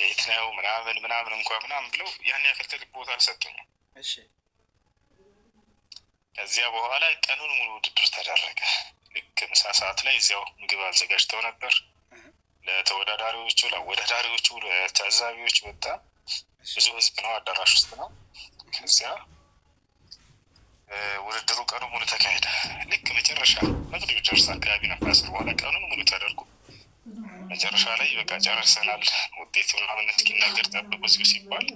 የት ነው ምናምን ምናምን እንኳ ምናምን ብለው ያን ያክል ትልቅ ቦታ አልሰጡኝም። ከዚያ በኋላ ቀኑን ሙሉ ውድድር ተደረገ። ልክ ምሳ ሰዓት ላይ እዚያው ምግብ አዘጋጅተው ነበር ለተወዳዳሪዎቹ፣ ለአወዳዳሪዎቹ፣ ለታዛቢዎች። በጣም ብዙ ህዝብ ነው፣ አዳራሽ ውስጥ ነው። ከዚያ በቃ ጨርሰናል ውጤቱ ምናምን እስኪናገር ጠብቁ እዚሁ ሲባል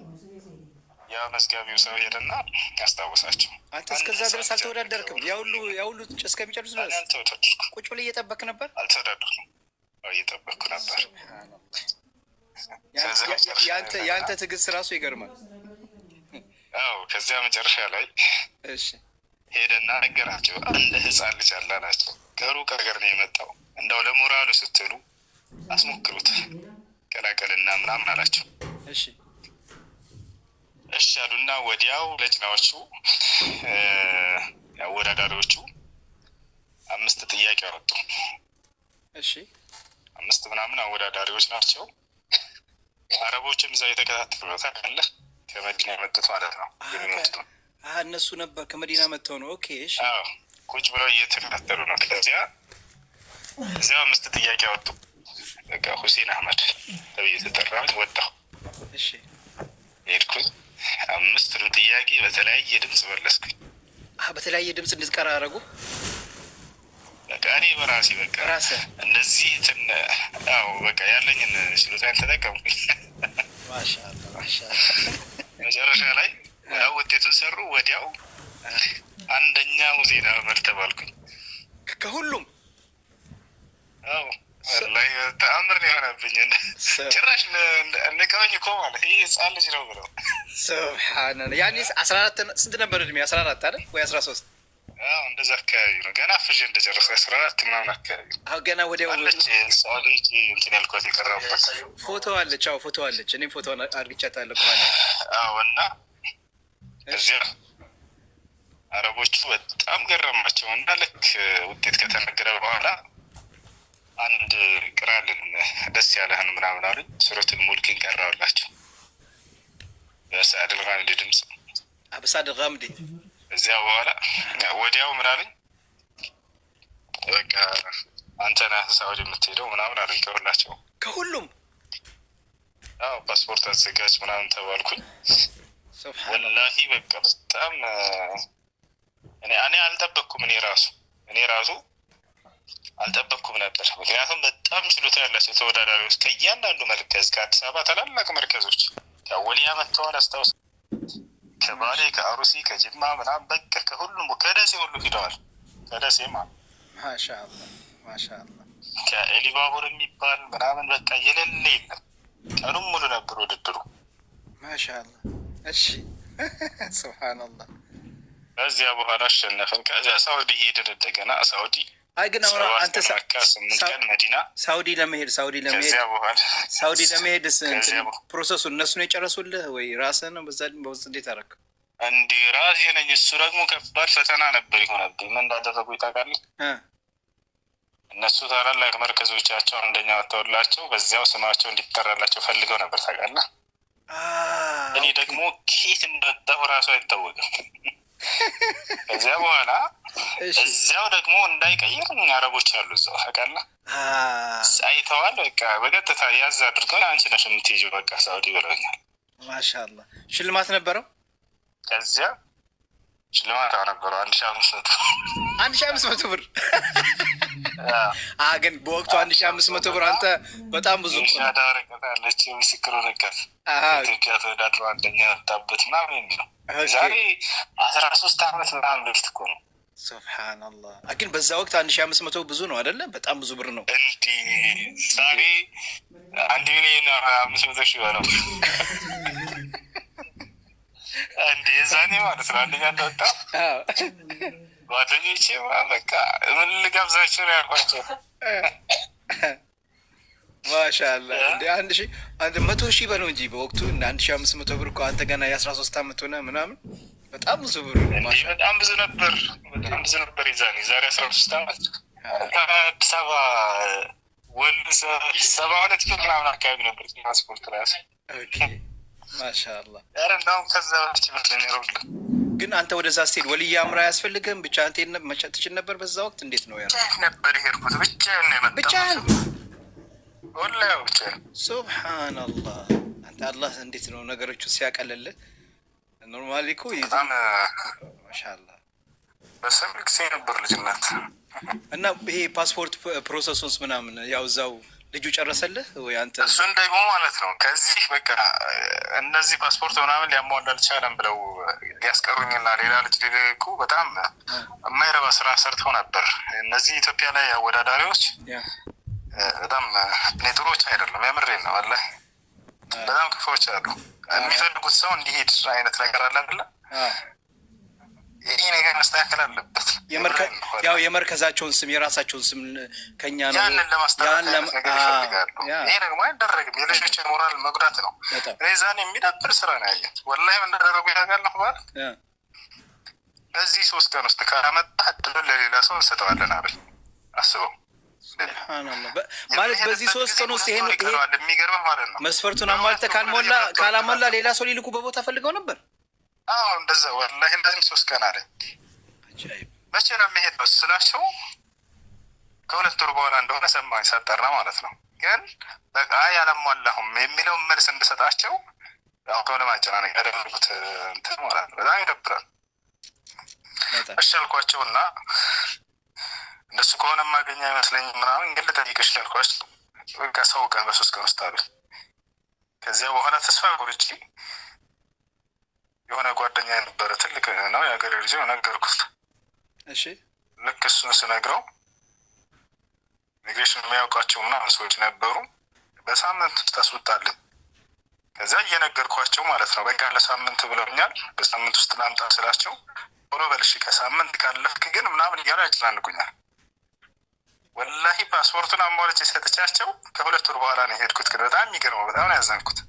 ያ መዝጋቢው ሰው ሄደና ያስታወሳቸው። አንተ እስከዛ ድረስ አልተወዳደርክም? ያሁሉ ያሁሉ እስከሚጨርስ ድረስ ቁጭ ብለህ እየጠበክ ነበር? አልተወዳደርኩም፣ እየጠበኩ ነበር። የአንተ ትዕግስት ራሱ ይገርማል። አዎ ከዚያ መጨረሻ ላይ ሄደና ነገራቸው። አንድ ህፃን ልጅ ናቸው። ከሩቅ ሀገር ነው የመጣው። እንደው ለሞራሉ ስትሉ አስሞክሩት ቀላቀልና ምናምን አላቸው። እሺ እሺ አሉና ወዲያው ለጭናዎቹ አወዳዳሪዎቹ አምስት ጥያቄ አወጡ። እሺ አምስት ምናምን አወዳዳሪዎች ናቸው። አረቦችም እዛ የተከታተሉ ታውቃለህ፣ ከመዲና የመጡት ማለት ነው። እነሱ ነበር ከመዲና መጥተው ነው። ኦኬ እሺ፣ ቁጭ ብለው እየተከታተሉ ነው። ከዚያ እዚያው አምስት ጥያቄ አወጡ። በቃ ሁሴን አህመድ ተብዬ ተጠራ ወጣሁ ሄድኩኝ። አምስቱንም ጥያቄ በተለያየ ድምፅ መለስኩኝ። በተለያየ ድምፅ እንድትቀራ አረጉ። በቃ እኔ በራሴ በቃ እንደዚህ እንትን አዎ፣ በቃ ያለኝን ችሎታን ተጠቀምኩኝ። መጨረሻ ላይ ውጤቱን ሰሩ። ወዲያው አንደኛ ሁሴን አህመድ ተባልኩኝ ከሁሉም ተአምር ነው የሆነብኝ። ጭራሽ ንቀውኝ እኮ ማለት ይህ ህፃን ልጅ ነው ብለው ስብሓን ያኔ አስራ አራት ስንት ነበር እድሜ? አስራ አራት አይደል ወይ አስራ ሶስት እንደዛ አካባቢ ነው። ገና ፍዥ እንደጨረሰ አስራ አራት ምናምን አካባቢ ነው። ገና ወዲያ ሰዋልጅ እንትን ያልኳት የቀረቡበት ፎቶ አለች። አዎ ፎቶ አለች። እኔም ፎቶ አድርግቻታለሁ። አዎ እና እዚያ አረቦቹ በጣም ገረማቸው እና ልክ ውጤት ከተነገረ በኋላ አንድ ቅራልን ደስ ያለህን ምናምን አሉኝ። ሱረቱል ሙልኪን ቀራውላቸው በሳዕድል ቃምዲ ድምፅ በሳዕድል ቃምዲ። እዚያ በኋላ ወዲያው ምናምን በቃ አንተ ነህ ሳውዲ የምትሄደው ምናምን አሉኝ። ከሁላቸው ከሁሉም አዎ፣ ፓስፖርት አዘጋጅ ምናምን ተባልኩኝ። ወላሂ በቃ በጣም እኔ አልጠበቅኩም። እኔ ራሱ እኔ ራሱ አልጠበቅኩም ነበር። ምክንያቱም በጣም ችሎታ ያላቸው ተወዳዳሪዎች ከእያንዳንዱ መርከዝ ከአዲስ አበባ ታላላቅ መርከዞች ከወሊያ መጥተዋል። አስታውስ ከባሌ ከአሩሲ ከጅማ ምናምን በቃ ከሁሉም ከደሴ ሁሉ ሂደዋል። ከደሴ ማለት ማሻአላ ማሻአላ ከኤሊባቡር የሚባል ምናምን በቃ የሌለ የለም። ቀኑም ሙሉ ነበር ውድድሩ ማሻአላ። እሺ ስብሓንላህ። ከዚያ በኋላ አሸነፍን። ከዚያ ሳኡዲ ሄድን እንደገና ሳኡዲ አይ ግን አሁን አንተ ሳውዲ ለመሄድ ሳውዲ ለመሄድ ሳውዲ ለመሄድ ፕሮሰሱ እነሱ ነው የጨረሱልህ ወይ ራስህ ነው? በዛ በውስጥ እንዴት አደረክ? እንዲ ራሴ ነኝ። እሱ ደግሞ ከባድ ፈተና ነበር የሆነብኝ። ምን እንዳደረጉ ታውቃለህ? እነሱ ታላላቅ መርከዞቻቸው አንደኛ ወጥተውላቸው በዚያው ስማቸው እንዲጠራላቸው ፈልገው ነበር ታውቃለህ። እኔ ደግሞ ኬት እንደወጣሁ ራሱ አይታወቅም። ከዚያ በኋላ እዚያው ደግሞ እንዳይቀይር አረቦች አሉ እዛው ታውቃለህ፣ አይተዋል። በቃ በቀጥታ ያዝ አድርገው አንቺ ነሽ የምትሄጂው በቃ ሳውዲ ብለውኛል። ማሻላ ሽልማት ነበረው ከዚያ ሽልማት ነበሩ አንድ ሺህ አምስት መቶ አንድ ሺህ አምስት መቶ ብር ግን በወቅቱ አንድ ሺህ አምስት መቶ ብር አንተ በጣም ብዙ ሻዳ ወረቀት አለች፣ የምስክር ወረቀት ኢትዮጵያ ተወዳድሮ አንደኛ ወጣበት ምናምን የሚለው ዛሬ አስራ ሶስት አመት ምናምን በፊት እኮ ነው። ስብሓንላህ ግን በዛ ወቅት አንድ ሺህ አምስት መቶ ብዙ ነው አይደለም በጣም ብዙ ብር ነው። እንዲህ ዛሬ አንድ ሚሊዮን አምስት መቶ ሺህ ነው። እንደ የዛኔ ማለት ነው። አንደኛ እንደወጣ ጓደኞቼ በቃ ምን ልጋብዛቸው ነው ያልኳቸው። ማሻላ እንደ አንድ ሺ አንድ መቶ ሺህ በለው እንጂ በወቅቱ እንደ አንድ ሺ አምስት መቶ ብር እኮ አንተ ገና የአስራ ሶስት አመት ሆነ ምናምን በጣም ብዙ ብር ነው። በጣም ብዙ ነበር፣ በጣም ብዙ ነበር ይዛ የዛሬ አስራ ሶስት አመት ከአዲስ አበባ ወልድ ሰባ ሁለት ኪሎ ምናምን አካባቢ ነበር ትራንስፖርት ራሱ ማሻአላ። ኧረ እንደውም ከዛ በፊት ግን አንተ ወደዛ ስትሄድ ወልያ አምራ አያስፈልግህም። ብቻህን ትሄድ ትችል ነበር በዛ ወቅት? እንዴት ነው ያለው? ነበር የሄድኩት ብቻህን ነው የመጣሁት። ብቻህን ወላሂ ብቻህን። ሱብሃነላህ። አንተ አላህ እንዴት ነው ነገሮቹ ሲያቀልልህ። ኖርማሊ እኮ በጣም ማሻአላ። በስም ልክ ልጅነት እና ይሄ ፓስፖርት ፕሮሰሱንስ ምናምን ያው እዛው ልጁ ጨረሰልህ ወይ አንተ? እሱን ደግሞ ማለት ነው ከዚህ በቃ እነዚህ ፓስፖርት ምናምን ሊያሟላ አልቻለም ብለው ሊያስቀሩኝና ሌላ ልጅ ሊልኩ በጣም የማይረባ ስራ ሰርተው ነበር። እነዚህ ኢትዮጵያ ላይ አወዳዳሪዎች በጣም ኔጥሮች አይደለም። የምሬን ነው አለ በጣም ክፎች አሉ። የሚፈልጉት ሰው እንዲሄድ አይነት ነገር አለ አይደለ? ይህ መስተካከል አለበት። ያው የመርከዛቸውን ስም የራሳቸውን ስም ከኛ ነው ያንን ለማስተካከል ይፈልጋሉ። ይሄ ደግሞ አይደረግም። የልጆችን ሞራል መጉዳት ነው። ዛን የሚደብር ስራ ነው ያየት ወላሂ እንደደረጉ ያጋል ነው ባል በዚህ ሶስት ቀን ውስጥ ካላመጣ እድሉን ለሌላ ሰው እንሰጠዋለን አለኝ። አስበው ማለት በዚህ ሶስት ቀን ውስጥ ይሄን የሚገርም ማለት ነው። መስፈርቱን አሟልተ ካልሞላ ካላሞላ ሌላ ሰው ሊልኩ በቦታ ፈልገው ነበር። አሁ እንደዛ ወላሂ እንደዚህም ሶስት ቀን አለ መቼ ነው የሚሄድ ነው ስላቸው ከሁለት ወር በኋላ እንደሆነ ሰማኝ ሳጠራ ማለት ነው። ግን በቃ ያለሟላሁም የሚለውን መልስ እንድሰጣቸው ከሆነ ማጨናነቅ ያደረጉት እንትን ማለት ነው። በጣም ይደብራል። እሺ አልኳቸው እና እንደሱ ከሆነ ማገኛ አይመስለኝ ምናምን ግን ልጠይቅሽ ያልኳቸው በቃ ሰው ቀን በሶስት ቀን ውስጥ አሉኝ። ከዚያ በኋላ ተስፋ ቁርጭ የሆነ ጓደኛ የነበረ ትልቅ ነው የሀገር ልጅ ነገርኩት። እሺ ልክ እሱን ስነግረው ኢሚግሬሽን የሚያውቃቸው ምናምን ሰዎች ነበሩ። በሳምንት ውስጥ አስወጣለን። ከዚያ እየነገርኳቸው ማለት ነው። በቃ ለሳምንት ብለውኛል። በሳምንት ውስጥ ላምጣ ስላቸው ቶሎ በልሽ ከሳምንት ካለፍክ ግን ምናምን እያሉ ያጨናንቁኛል። ወላሂ ፓስፖርቱን አሟልቼ የሰጥቻቸው ከሁለት ወር በኋላ ነው የሄድኩት። ግን በጣም የሚገርመው በጣም ነው ያዘንኩት።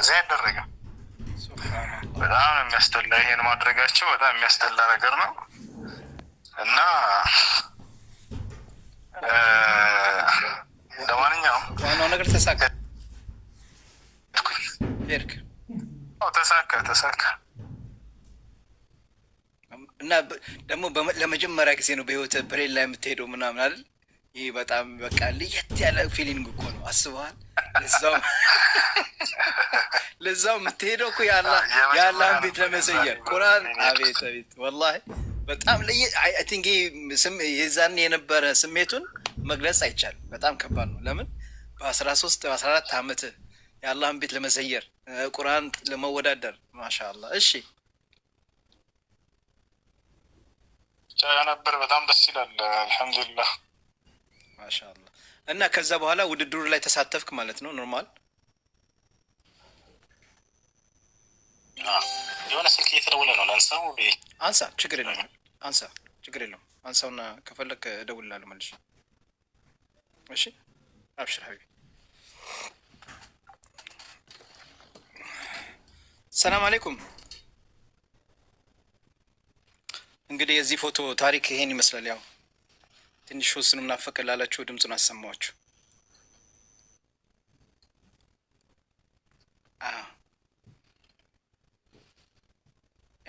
እዚያ አይደረግም። በጣም ነው የሚያስጠላ። ይሄን ማድረጋቸው በጣም የሚያስጠላ ነገር ነው። እና ለማንኛውም ዋናው ነገር ተሳካ ተሳካ ተሳካ። እና ደግሞ ለመጀመሪያ ጊዜ ነው በህይወት ብሬን ላይ የምትሄደው ምናምን አይደል? ይህ በጣም በቃ ለየት ያለ ፊሊንግ እኮ ነው። አስበሃል? ለዛው የምትሄደው እኮ ያላህን ቤት ለመሰየር ቁርአን። አቤት አቤት ወላሂ በጣም ቲንክ የዛን የነበረ ስሜቱን መግለጽ አይቻልም። በጣም ከባድ ነው። ለምን በአስራ ሶስት በአስራ አራት ዓመት የአላህን ቤት ለመዘየር ቁርአን ለመወዳደር ማሻአላህ። እሺ ነበር በጣም ደስ ይላል። አልሐምዱሊላህ ማሻአላህ። እና ከዛ በኋላ ውድድሩ ላይ ተሳተፍክ ማለት ነው ኖርማል የሆነ ስልክ እየተደወለ ነው። ለንሳው አንሳ ችግር የለም። አንሳ፣ ችግር የለውም አንሳውና ከፈለክ እደውልልሃለሁ መልሼ። እሺ አብሽር ሀቢ። ሰላም አሌይኩም። እንግዲህ የዚህ ፎቶ ታሪክ ይሄን ይመስላል። ያው ትንሽ ውስኑ ምናፈቅ ላላችሁ ድምፁን አሰማዋችሁ።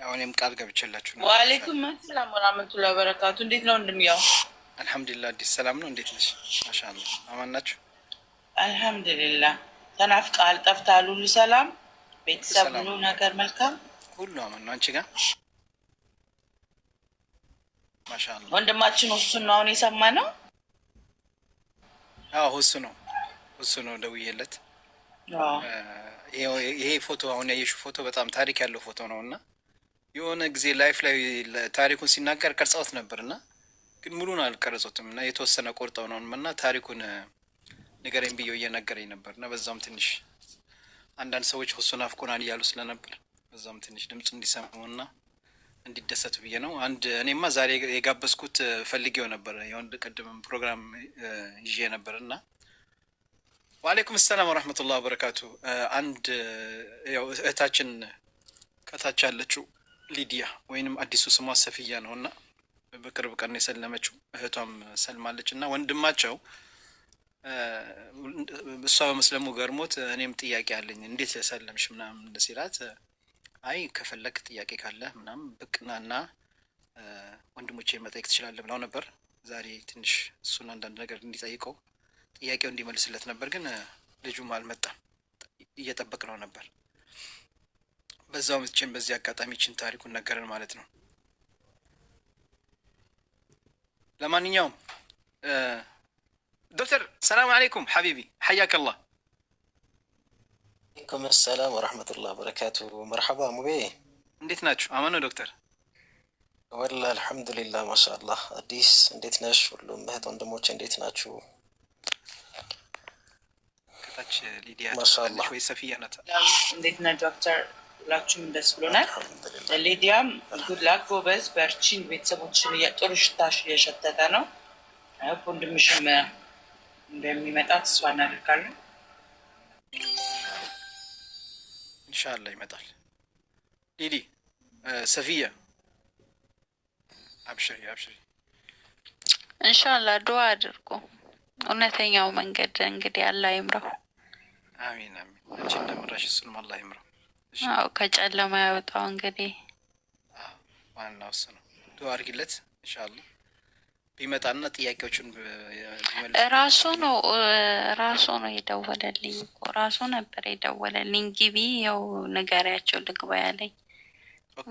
ያው እኔም ቃል ገብቼላችሁ ነው። ዋሌይኩም ሰላም ወራህመቱላሂ ወበረካቱ። እንዴት ነው እንደሚያው? አልሐምዱሊላህ አዲስ ሰላም ነው። እንዴት ነሽ? ማሻአላህ አማን ናችሁ? አልሐምዱሊላህ። ተናፍቃል፣ ጠፍታል። ሁሉ ሰላም፣ ቤተሰብ፣ ሁሉ ነገር መልካም፣ ሁሉ አማን ነው። አንቺ ጋር ማሻአላህ። ወንድማችን ሁሱ ነው አሁን የሰማ ነው። አዎ ሁሱ ነው፣ ሁሱ ነው ደውዬለት። ይሄ ፎቶ አሁን ያየሽው ፎቶ በጣም ታሪክ ያለው ፎቶ ነው እና የሆነ ጊዜ ላይፍ ላይ ታሪኩን ሲናገር ቀርጸውት ነበር እና ግን ሙሉን አልቀረጹትም እና የተወሰነ ቆርጠው ነው እና ታሪኩን ንገረኝ ብዬው እየነገረኝ ነበር እና በዛም ትንሽ አንዳንድ ሰዎች ሁሱ ናፍቆናል እያሉ ስለነበር በዛም ትንሽ ድምፅ እንዲሰሙና እንዲደሰቱ ብዬ ነው። አንድ እኔማ ዛሬ የጋበዝኩት ፈልጌው ነበር የወንድ ቅድም ፕሮግራም ይዤ ነበር እና ዋሌይኩም ሰላም ወረህመቱላህ በረካቱ አንድ ያው እህታችን ከታች ያለችው ሊዲያ ወይንም አዲሱ ስሟ ሰፊያ ነው እና በቅርብ ቀን የሰለመችው እህቷም ሰልማለች እና ወንድማቸው እሷ በመስለሙ ገርሞት እኔም ጥያቄ አለኝ እንዴት ሰለምሽ ምናምን ሲላት አይ ከፈለክ ጥያቄ ካለ ምናምን ብቅናና ወንድሞቼ መጠየቅ ትችላለ ብለው ነበር። ዛሬ ትንሽ እሱን አንዳንድ ነገር እንዲጠይቀው ጥያቄው እንዲመልስለት ነበር፣ ግን ልጁም አልመጣም። እየጠበቅ ነው ነበር በዛው ምትችን በዚህ አጋጣሚ ችን ታሪኩን ነገረን ማለት ነው። ለማንኛውም ዶክተር ሰላም አለይኩም ሐቢቢ ሐያከላህ። አለይኩም ሰላም ወረሕመቱላህ በረካቱ። መርሓባ ሙቤ እንዴት ናችሁ? አማን ነው ዶክተር ወላ አልሐምዱሊላህ ማሻአላህ። አዲስ እንዴት ነሽ? ሁሉም እህት ወንድሞች እንዴት ናችሁ? ታች ሊዲያ ወይ ሰፊያ ናት። እንዴት ነህ ዶክተር? ሁላችሁም ደስ ብሎናል። ሊዲያም ጉድላክ ጎበዝ፣ በርቺን። ቤተሰቦችን ጥሩ ሽታሽ እየሸተተ ነው። ወንድምሽም እንደሚመጣ ተስፋ እናደርጋለን። እንሻላ ይመጣል። ሊዲ ሰፊያ፣ አብሽሪ አብሽሪ። እንሻላ ዱዓ አድርጎ እውነተኛው መንገድ እንግዲህ አላህ ይምራው። አሚን አሚን። አንቺ እንደምራሽ እሱንም አላህ ይምራው። አዎ ከጨለማ ያወጣው እንግዲህ ዋና ውስ ነው። ዱ አድርጊለት ኢንሻአላህ ቢመጣና ጥያቄዎችን ራሱ ነው ራሱ ነው የደወለልኝ እኮ ራሱ ነበር የደወለልኝ። ግቢ ያው ንገሪያቸው ልግባ ያለኝ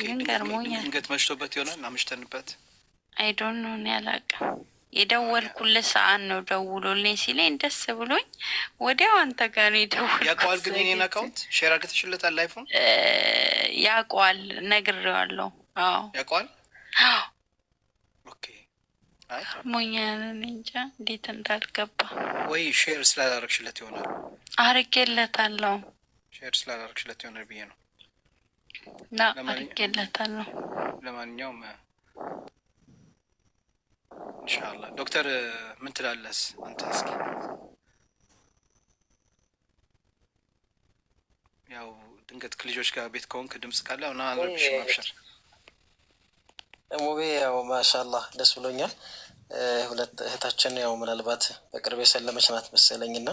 ግን ገርሞኛል። ድንገት መሽቶበት ይሆናል አምሽተንበት አይዶን ነው ያላቀ የደወልኩለት ሰዓት ነው ደውሎልኝ ሲለኝ ደስ ብሎኝ ወዲያው አንተ ጋር ነው የደወልኩት። ያውቀዋል ግን የኔን አካውንት ሼር አድርገሽለታል? ላይፎን ያውቀዋል፣ ነግሬዋለሁ። አዎ ያውቀዋል። ሞኛን እንጃ እንዴት እንዳልገባ ወይ ሼር ስላላረግሽለት ይሆናል። አርጌለታለሁ። ሼር ስላላረግሽለት ይሆናል ብዬ ነው። ና አርጌለታለሁ። ለማንኛውም ኢንሻላህ ዶክተር ምን ትላለስ አንተ? እስኪ ያው ድንገት ከልጆች ጋር ቤት ከሆንክ ድምፅ ካለ ና ረብሽ ማብሸር ሙቤ ያው ማሻላህ ደስ ብሎኛል። ሁለት እህታችን ያው ምናልባት በቅርብ የሰለመች ናት መሰለኝና